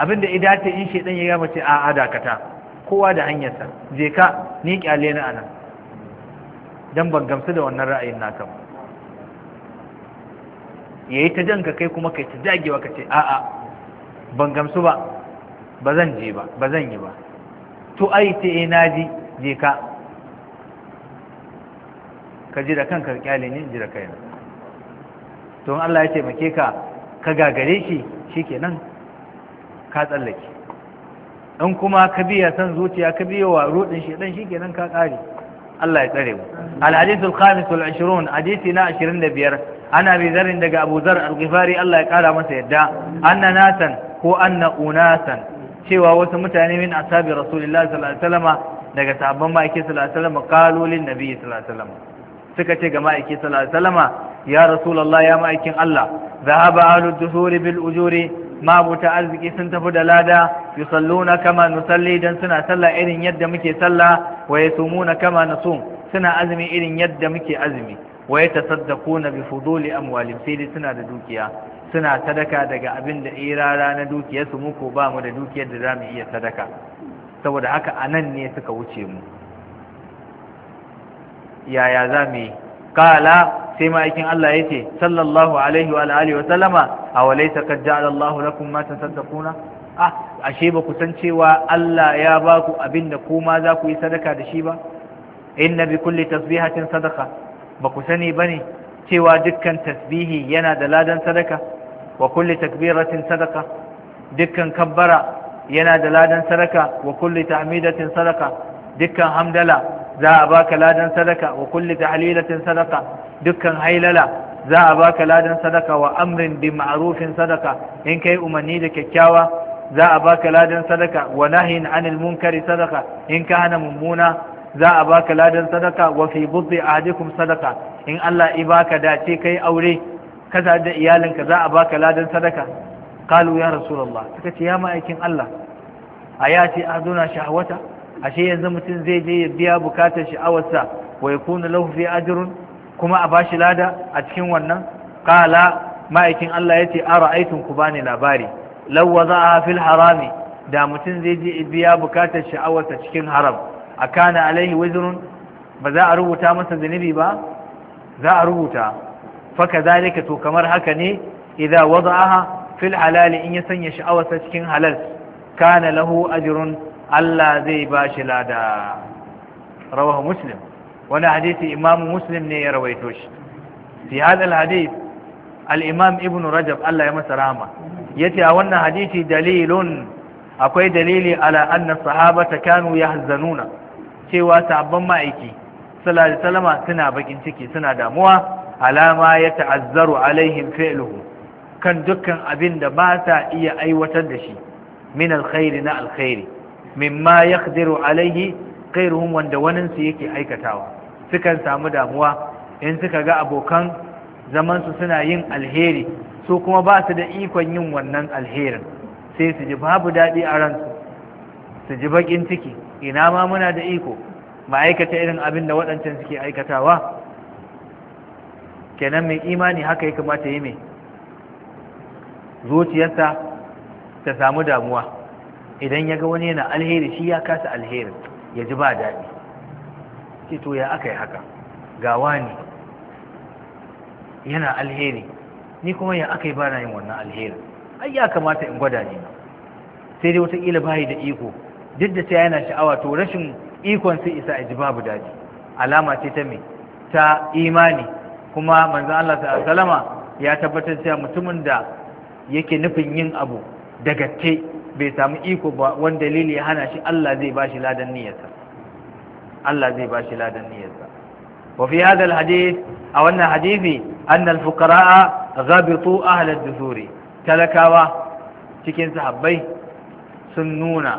abinda ta in shedan ya mace a adakata kowa da hanyarsa je ka ni kyale ni anan dan ban gamsu da wannan ra'ayin naka ba yayi ta janka kai kuma kai ta dagewa kace a'a ban gamsu ba ba zan je ba ba zan yi ba to ai ta na ji je ka ka ji da kanka kyale ne ji da kaina don Allah ya taimake ka ka gagare shi shikenan ka tsallake in kuma ka biya san zuciya ka biya wa rudin shi dan shikenan ka kare Allah ya tsare mu al-hadith al-khamis wal-20 hadithi na 25 ana bi zarin daga Abu Zar al-Ghifari Allah ya kara masa yadda anna nasan ko anna unasan cewa wasu mutane min ashabi rasulullahi sallallahu alaihi wasallama daga sahabban ma'aikin sallallahu alaihi wasallama qalu lin nabi sallallahu alaihi wasallama suka ce ga ma'aiki sallallahu alaihi wasallama ya rasulullah ya ma'aikin Allah zahaba ahlud duhuri bil ujuri ma buta arziki sun tafi da lada yusalluna kama nusalli dan suna sallah irin yadda muke sallah wa yasumuna kama nasum suna azumi irin yadda muke azumi wa yatasaddaquna bi fuduli amwalihim sai suna da dukiya suna sadaka daga abin da irara na dukiyarsu muku ba mu da dukiyar da za mu iya sadaka saboda haka anan ne suka wuce mu yaya za mu yi kala sai ma'aikin Allah ya ce sallallahu alaihi wa alihi wa sallama aw laysa qad ja'ala Allahu lakum ma tasaddaquna ah ashe ba ku san cewa Allah ya ba ku abinda ku ma za ku yi sadaka da shi ba inna bi kulli tasbihatin sadaqa ba ku sani bane cewa dukkan tasbihi yana da ladan sadaka wa kulli takbiratin sadaka dukkan kabbara yana da ladan sadaka wa kulli tahmidatin sadaka dukkan hamdala za a baka ladan sadaka wa kulli tahlilatin sadaka dukkan hailala za a baka ladan sadaka wa amrin bi ma'rufin sadaka in kai umarni da kyakkyawa za a baka ladan sadaka wa nahyin anil munkari sadaka in ka hana mummuna za a baka ladan sadaka wa fi buddi ahadikum sadaka in Allah i baka dace kai aure Kasa da iyalinka za a baka ladan sadaka qalu ya rasulullah suka ce ya ma'aikin Allah a aduna shahwata ashe yanzu mutum zai je ya biya bukatar sha'awarsa wa yakunu lahu fi ajrun kuma a bashi lada a cikin wannan kala ma'aikin Allah a ra'aitun ku bani labari law wada'aha fil harami da mutum zai je biya bukatar sha'awarsa cikin haram akana alaihi wizrun ba za a rubuta masa zunubi ba za a rubuta fa kazalika to kamar haka ne idza wada'aha fil halali in ya sanya sha'awarsa cikin halal kana lahu ajrun Allah zai ba shi lada rawahu muslim wani hadisi imam muslim ne ya rawaito shi fi hadal hadith al-imam ibn rajab Allah ya masa rahama ya a wannan hadisi dalilun akwai dalili ala anna sahabata kanu yahzanuna cewa sabon ma'aiki sallallahu alaihi suna bakin ciki suna damuwa alama ya ta'azzaru alaihim fi'luhu kan dukkan abin da ba ta iya aiwatar da shi min alkhairi na alkhairi mimma ya yaqdiru alaihi ruhun wanda waninsu yake aikatawa sukan samu damuwa in suka ga abokan zaman suna yin alheri su kuma ba su da ikon yin wannan alherin sai su ji babu daɗi a ransu su ji baƙin ciki ina ma muna da iko ma'aikata irin abin da waɗancan suke aikatawa kenan mai imani haka ya kamata yi mai zuciyarsa ta samu damuwa idan ya ga wani yana alheri shi ya kasa alherin ya ji ba daɗi ce ya aka yi haka ga wani yana alheri ni kuma ya aka yi ba na yin wannan alherin ai ya kamata in gwada ne sai dai wataƙila bayi da iko duk da sai yana sha'awa to rashin ikon sai isa ya ji babu daɗi alama ce ta me ta imani kuma manzan Allah ta salama ya tabbatar cewa mutumin da yake nufin yin abu da bai samu iko ba wani dalili ya hana shi Allah zai bashi ladan niyyarsa Allah zai ladan niyyarsa wa fi a wannan hadisi anna alfuqara ghabitu ahli ad-dusuri talakawa cikin sahabbai sun nuna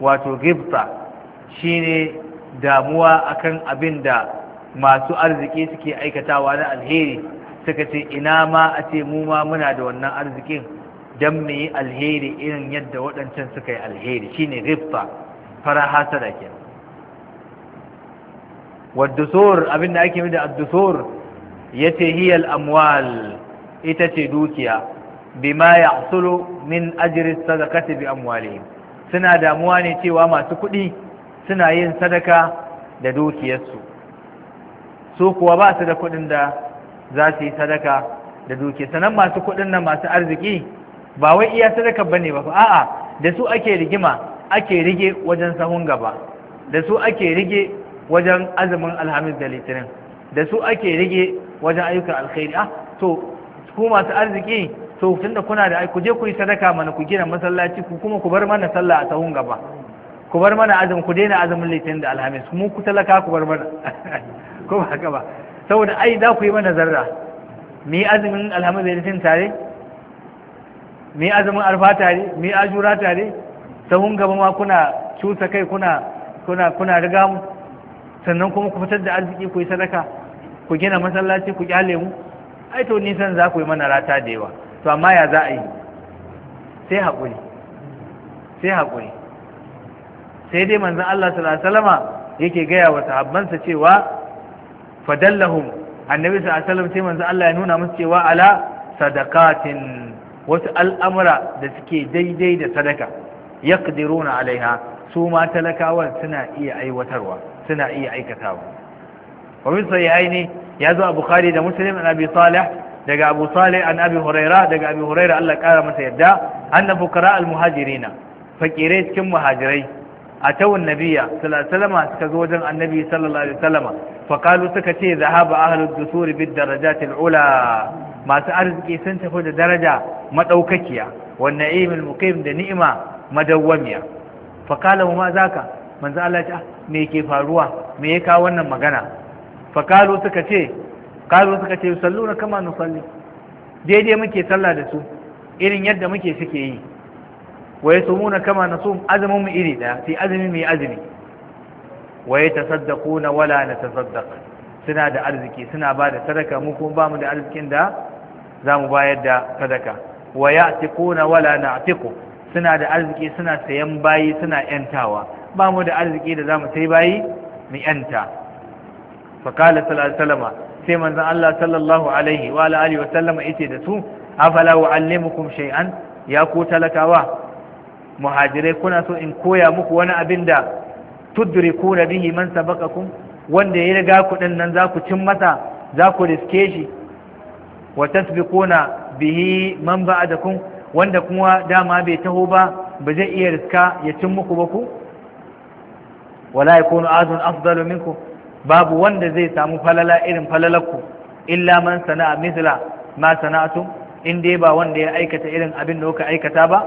wato gibta shine damuwa akan abin da masu arziki suke aikatawa na alheri suka ce ina ma a ce mu ma muna da wannan arzikin don mu yi alheri irin yadda waɗancan suka yi alheri shine riffa fara sadaki. ke abinda ake mi da addusur ya ce hiyal amwal ita ce dukiya bima ya min ajiris sadakati bi amwalihim suna damuwa ne cewa masu kuɗi suna yin sadaka da dukiyarsu su kuwa ba su da kuɗin da za su yi sadaka da dukiya sannan masu kuɗin nan masu arziki ba wai iya sadaka bane ba a'a da su ake rigima ake rige wajen sahun gaba da su ake rige wajen azumin alhamis da litinin da su ake rige wajen ayyukan alkhairi ah to ku masu arziki to tunda kuna da ku je ku yi sadaka mana ku gina masallaci ku kuma ku bar mana sallah a sahun gaba ku bar mana azumin ku daina azumin litinin da alhamis mu ku talaka ku bar mana ko ba haka ba saboda ai za ku yi mana zarra mu yi azumin alhamis da litinin tare mai azumin arfa tare mai ajura tare sahun gaba ma kuna cusa kai kuna kuna kuna riga mu sannan kuma ku fitar da arziki ku yi sadaka ku gina masallaci ku kyale mu ai to nisan za ku yi mana rata da yawa to amma ya za a yi sai haƙuri sai haƙuri sai dai manzon Allah sallallahu alaihi wasallama yake gaya wa sahabbansa cewa fadallahum annabi sallallahu alaihi wasallam sai manzon Allah ya nuna musu cewa ala sadaqatin wasu al'amura da suke daidai da sadaka yaqdiruna alaiha su ma talakawan suna iya aiwatarwa suna iya aikatawa wa min sahihaini ya zo a bukhari da muslim an abi salih daga abu salih an abi huraira daga abi huraira Allah ƙara masa yadda anna fuqara al muhajirina fakirai cikin muhajirai A atawun nabiya sallallahu suka zo wajen annabi sallallahu alaihi wasallam fa qalu suka ce zahaba ahlud dusuri bid darajatil ula masu arziki sun tafi da daraja madaukakiya wan na'imul muqim da ni'ima madawwamiya fa kala ma zaka manzo Allah ya ah, me yake faruwa me ya kawo wannan magana fa kalu suka ce kalu suka ce salluna kama nusalli daidai muke sallah da su irin yadda muke suke yi wa yasumuna kama nasum azumin mu iri da sai azumin mai yi azumi wa yatasaddaquna wala natasaddaq suna da arziki suna ba da sadaka mu kuma ba mu da arzikin da za mu bayar da sadaka wa ya'tiquna wala na'tiqu suna da arziki suna sayan bayi suna yantawa ba mu da arziki da zamu sai bayi mu yanta fa qala sai manzan Allah sallallahu alaihi wa alihi wasallam ita da su afala uallimukum shay'an ya ku talakawa muhajirai kuna so in koya muku wani abin da tudrikuna bihi man sabaqakum wanda ya riga ku nan za ku cin masa za ku riske shi wa tasbiquna bihi man ba'dakum wanda kuma dama bai taho ba ba zai iya riska ya cin muku ba ku wala yakunu azun afdalu minkum babu wanda zai samu falala irin falalakku illa man sana'a mithla ma sana'atum in dai ba wanda ya aikata irin abin da kuka aikata ba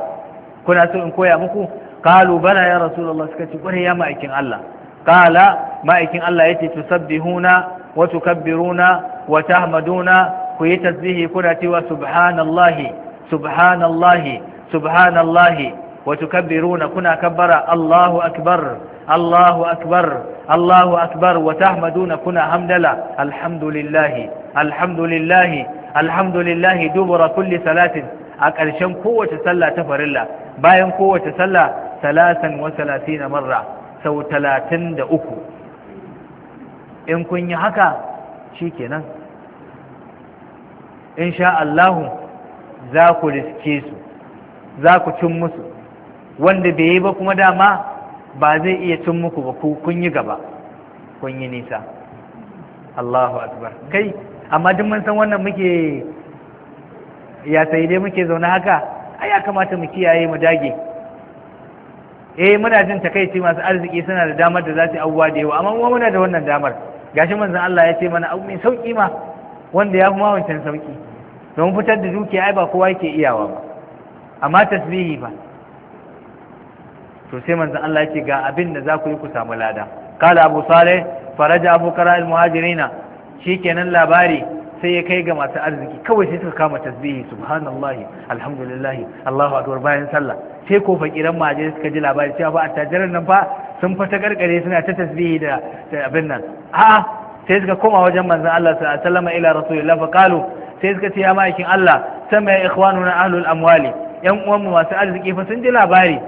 kuna so in koya muku qalu bala ya rasulullah suka ce kware ya ma'aikin Allah qala ma'aikin Allah yace tusabbihuna wa tukabbiruna wa tahmaduna ku yi tasbihi kuna cewa subhanallahi subhanallahi subhanallahi wa tukabbiruna kuna kabbara Allahu akbar Allahu akbar Allahu akbar wa tahmaduna kuna hamdala alhamdulillah alhamdulillah alhamdulillah dubura kulli salatin a ƙarshen kowace sallah ta farilla bayan kowace sallah salasan wa salatina marra sau talatin da uku in kun yi haka shikenan sha Allahu za ku riske su za ku cin musu wanda bai yi ba kuma dama ba zai iya cin muku ba kun yi gaba kun yi nisa Allahu akbar kai amma duk mun san wannan muke ya sai dai muke zaune haka ai ya kamata mu kiyaye mu dage eh muna jin takaici masu arziki suna da damar da za su yi abubuwa da yawa amma muna da wannan damar gashi manzon Allah ya ce mana abu mai sauki ma wanda ya fi wancan sauki don fitar da dukiya ai ba kowa yake iyawa ba amma tasbihi ba to sai manzon Allah yake ga abin da za ku yi ku samu lada kala abu saleh faraja abu kara al-muhajirina shikenan labari sai ya kai ga masu arziki kawai sai suka kama tasbihi subhanallahi alhamdulillah, allahu akbar bayan sallah sai ko fakiran majalis suka ji labari cewa ba attajiran nan fa sun fata gargare suna ta tasbihi da abin nan a sai suka koma wajen manzon Allah sallallahu alaihi ila rasulillah fa qalu sai suka ce ya ma'aikin Allah sama ya ikhwanuna ahlul amwali yan uwanmu masu arziki fa sun ji labari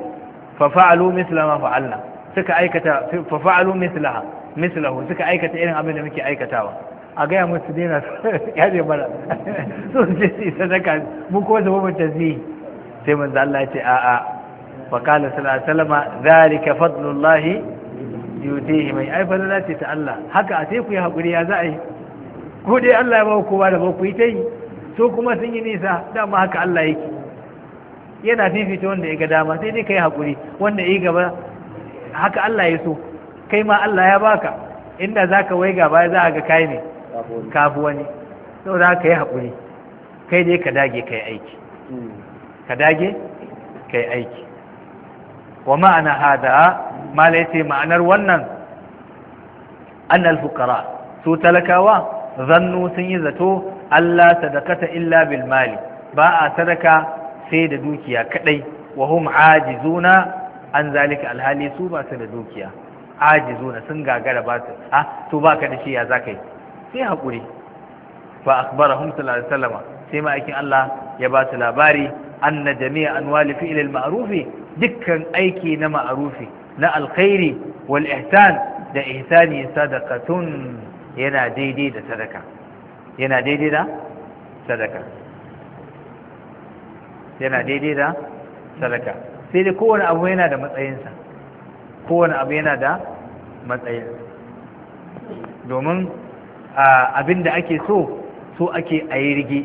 fa fa'alu misla ma fa'alna suka aikata fa fa'alu mislaha mislahu suka aikata irin abin da muke aikatawa a gaya musu dina ya je mana so su ce su sadaka mu ko su mu tazihi sai manzo Allah ya ce a'a fa qala sallallahu alaihi wasallam dhalika fadlullahi yutihi mai ai falala ce ta Allah haka a sai ku yi ya za a yi ko dai Allah ya ba ku kowa da ba ku yi ta yi so kuma sun yi nisa dama haka Allah yake yana fifita wanda ya ga dama sai dai ka yi haƙuri, wanda ya yi gaba haka Allah ya so kai ma Allah ya baka inda za ka wai baya za a ga kai ne kafu wani sau da ka yi haƙuri, kai dai ka dage ka yi aiki hmm. ka dage ka yi aiki wa ma'ana hada mala yace ma'anar wannan annal fukara. su talakawa zannu sun yi zato Allah sadakata illa bil mali ba a sadaka sai da dukiya kadai wa hum ajizuna an zalika alhali su ba su da dukiya ajizuna sun gagara ba su ha ah, to da shi ya zakai sai hakuri fa akhbarahum sallallahu alaihi wasallam sai ma'aikin Allah ya ba su labari anna jami'a anwali fi'l al maarufi? dukkan aiki na ma'rufi na alkhairi wal ihsan da ihsani sadaqatun yana daidai da sadaka yana daidai da sadaka yana daidai da sadaka sai dai kowane abu yana da matsayinsa kowane abu yana da matsayin domin abin da ake so so ake a yi rige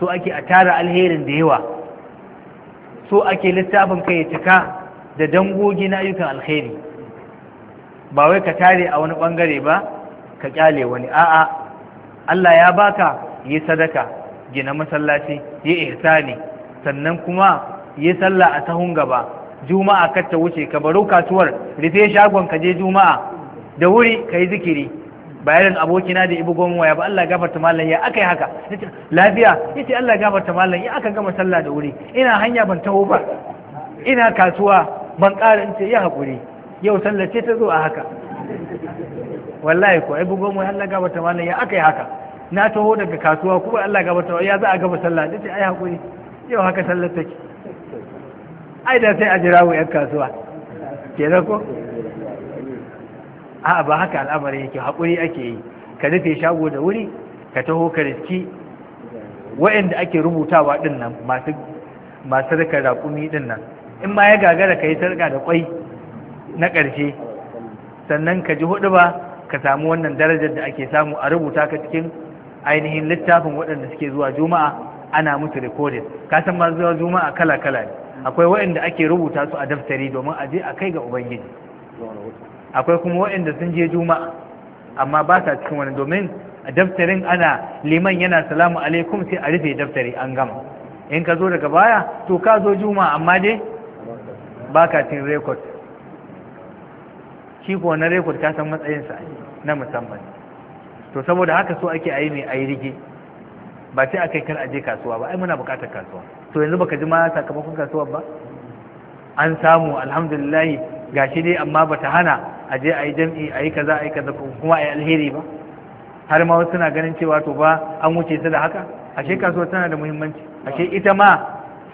so ake a tara alherin da yawa so ake littafin kai ya cika da dangogi na ayyukan alkhairi ba wai ka tare a wani bangare ba ka kyale wani a'a Allah ya baka yi sadaka gina masallaci yi ihsani sannan kuma yi sallah a tahun gaba juma'a kar ta wuce ka baro kasuwar rufe shagon ka je juma'a da wuri ka yi zikiri bayanin abokina da ibu goma waya ba Allah gafarta malam ya aka yi haka lafiya yace Allah gafarta malam ya aka gama sallah da wuri ina hanya ban taho ba ina kasuwa ban ƙara ce ya haƙuri yau sallace ta zo a haka wallahi ko ai bugon mai Allah gaba ta mana ya aka yi haka na taho daga kasuwa kuma Allah gaba ta ya za a gaba sallah ce ai haƙuri yau haka sallar take ai da sai a jira wa yan kasuwa da ko a'a ba haka al'amarin yake haƙuri ake yi ka rufe shago da wuri ka taho ka riski wa'anda ake rubutawa din nan masu masu rika raƙumi din nan in ma ya gagara ka yi sarka da kwai na ƙarshe sannan ka ji hudu ba ka samu wannan darajar da ake samu a rubuta ka cikin ainihin littafin waɗanda suke zuwa juma'a ana musu recording ka san ma zuwa juma'a kala kala ne akwai waɗanda ake rubuta su a daftari domin a je a kai ga ubangiji akwai kuma waɗanda sun je juma'a amma ba sa cikin wani domin a daftarin ana liman yana salamu alaikum sai a rufe daftari an gama in ka zo daga baya to ka zo juma'a amma dai ba ka cin rekod shi kuwa na rekod ka san matsayinsa na musamman to saboda haka so ake ayi mai ayi rige ba sai yi kar aje kasuwa ba ai muna bukatar kasuwa to yanzu baka ji ma sakamakon kasuwar ba an samu alhamdulillah gashi dai amma bata hana aje ayi jam'i ayi kaza ayi kaza kuma ayi alheri ba har ma wasu suna ganin cewa to ba an wuce su da haka ashe kasuwa tana da muhimmanci ashe ita ma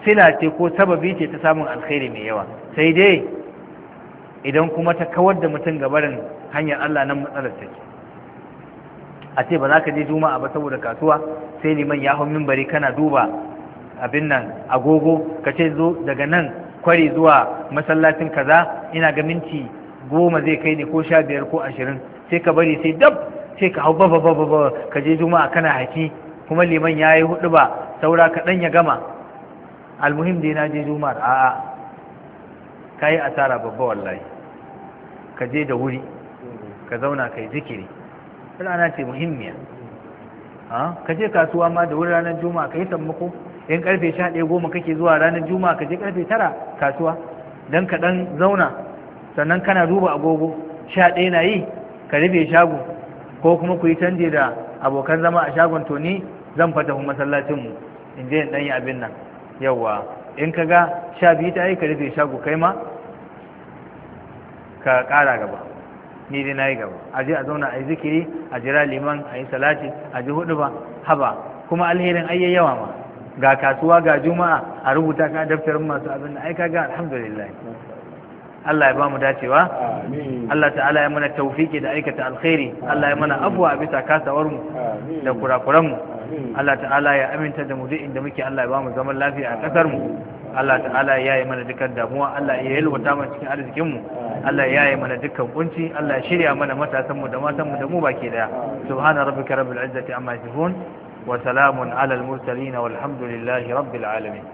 sila ce ko sababi ce ta samun alheri mai yawa sai dai idan kuma ta kawar da mutum gabarin hanyar Allah nan matsalar take a ce ba za ka je juma'a ba saboda kasuwa sai liman ya hau mimbari kana duba abin nan agogo ka ce zo daga nan kwari zuwa masallacin kaza ina ga minti goma zai kai ne ko sha biyar ko ashirin sai ka bari sai dab sai ka hau ba ba ba ka je juma'a kana haki kuma liman ya yi hudu ba saura kaɗan ya gama almuhim dai na je juma'ar a'a ka yi asara babba wallahi ka je da wuri ka zauna ka yi zikiri rana ce muhimmiya ka je kasuwa ma da wuri ranar juma'a ka yi sammako 'yan karfe sha ɗaya goma kake zuwa ranar juma'a ka je karfe tara kasuwa don ka ɗan zauna sannan kana duba agogo sha ɗaya na yi ka rufe shago ko kuma ku yi canje da abokan zama a shagon to ni zan fata masallacin mu in je in ɗan yi abin nan yawwa in ka ga sha biyu ta yi ka rufe shago kai ma ka kara gaba ni dai na yi gaba a je a zauna a yi zikiri a jira liman a yi salati a ji hudu ba haba kuma alherin ayye yawa ma ga kasuwa ga juma'a a rubuta ka daftarin masu abin da aika ga alhamdulillah Allah ya ba mu dacewa Allah ta'ala ya mana taufiki da aikata alkhairi Allah ya mana abuwa bisa kasawar mu da mu Allah ta'ala ya aminta da mu duk inda muke Allah ya ba mu zaman lafiya a kasar mu Allah ta'ala ya yi mana dukkan damuwa Allah ya yalwata mana cikin arzikin mu Allah ya yi mana dukkan kunci Allah ya shirya mana matasan mu da matan mu da mu baki daya subhana rabbika rabbil izzati amma yasifun wa salamun alal mursalin walhamdulillahi rabbil alamin